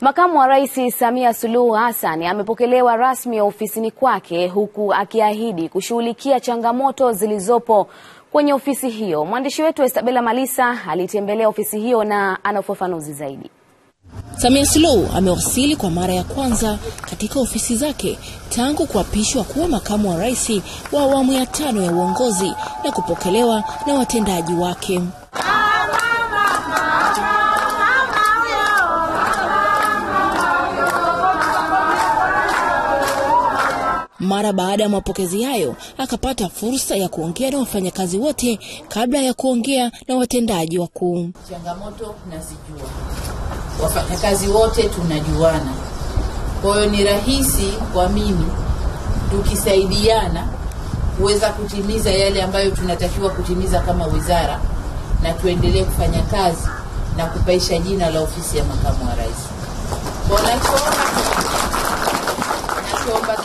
Makamu wa Rais Samia Suluhu Hassan amepokelewa rasmi ofisini kwake huku akiahidi kushughulikia changamoto zilizopo kwenye ofisi hiyo. Mwandishi wetu Estabela Malisa alitembelea ofisi hiyo na ana ufafanuzi zaidi. Samia Suluhu amewasili kwa mara ya kwanza katika ofisi zake tangu kuapishwa kuwa makamu wa rais wa awamu ya tano ya uongozi na kupokelewa na watendaji wake. Mara baada ya mapokezi hayo, akapata fursa ya kuongea na wafanyakazi wote kabla ya kuongea na watendaji wakuu. Changamoto nazijua, wafanyakazi wote tunajuana, kwa hiyo ni rahisi kwa mimi tukisaidiana kuweza kutimiza yale ambayo tunatakiwa kutimiza kama wizara, na tuendelee kufanya kazi na kupaisha jina la ofisi ya makamu wa rais. Wanachoona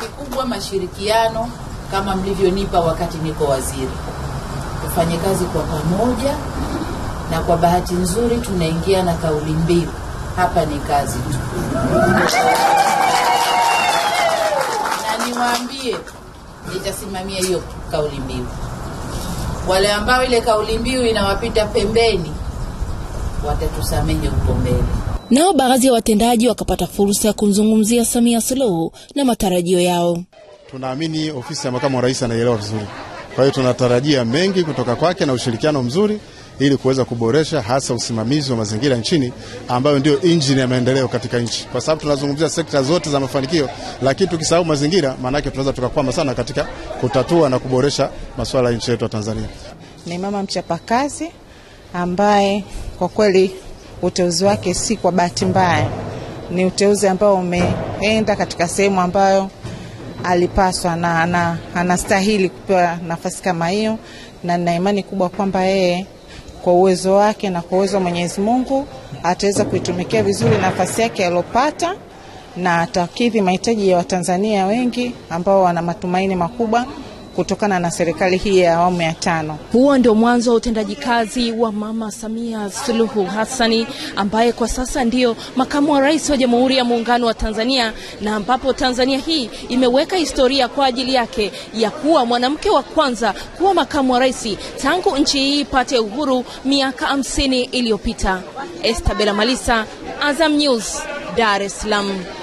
kikubwa mashirikiano kama mlivyonipa wakati niko waziri, tufanye kazi kwa pamoja, na kwa bahati nzuri tunaingia na kauli mbiu hapa ni kazi tu. Na niwaambie nitasimamia hiyo kauli mbiu. Wale ambao ile kauli mbiu inawapita pembeni watatusamehe huko mbele. Nao baadhi ya watendaji wakapata fursa ya kumzungumzia Samia Suluhu na matarajio yao. Tunaamini ofisi ya makamu wa rais anaielewa vizuri, kwa hiyo tunatarajia mengi kutoka kwake na ushirikiano mzuri ili kuweza kuboresha hasa usimamizi wa mazingira nchini, ambayo ndio injini ya maendeleo katika nchi, kwa sababu tunazungumzia sekta zote za mafanikio, lakini tukisahau mazingira, maanake tunaweza tukakwama sana katika kutatua na kuboresha masuala ya nchi yetu ya Tanzania. Ni mama mchapakazi ambaye kwa kweli uteuzi wake si kwa bahati mbaya, ni uteuzi ambao umeenda katika sehemu ambayo alipaswa na, na anastahili kupewa nafasi kama hiyo, na nina imani kubwa kwamba yeye kwa uwezo wake na kwa uwezo wa Mwenyezi Mungu ataweza kuitumikia vizuri nafasi yake aliyopata na atakidhi mahitaji ya Watanzania wengi ambao wana matumaini makubwa kutokana na serikali hii ya awamu ya tano. Huo ndio mwanzo wa utendaji kazi wa Mama Samia Suluhu Hassani ambaye kwa sasa ndiyo makamu wa rais wa Jamhuri ya Muungano wa Tanzania, na ambapo Tanzania hii imeweka historia kwa ajili yake ya kuwa mwanamke wa kwanza kuwa makamu wa rais tangu nchi hii ipate uhuru miaka hamsini iliyopita. bela Malisa, Azam News, Dar es Salaam.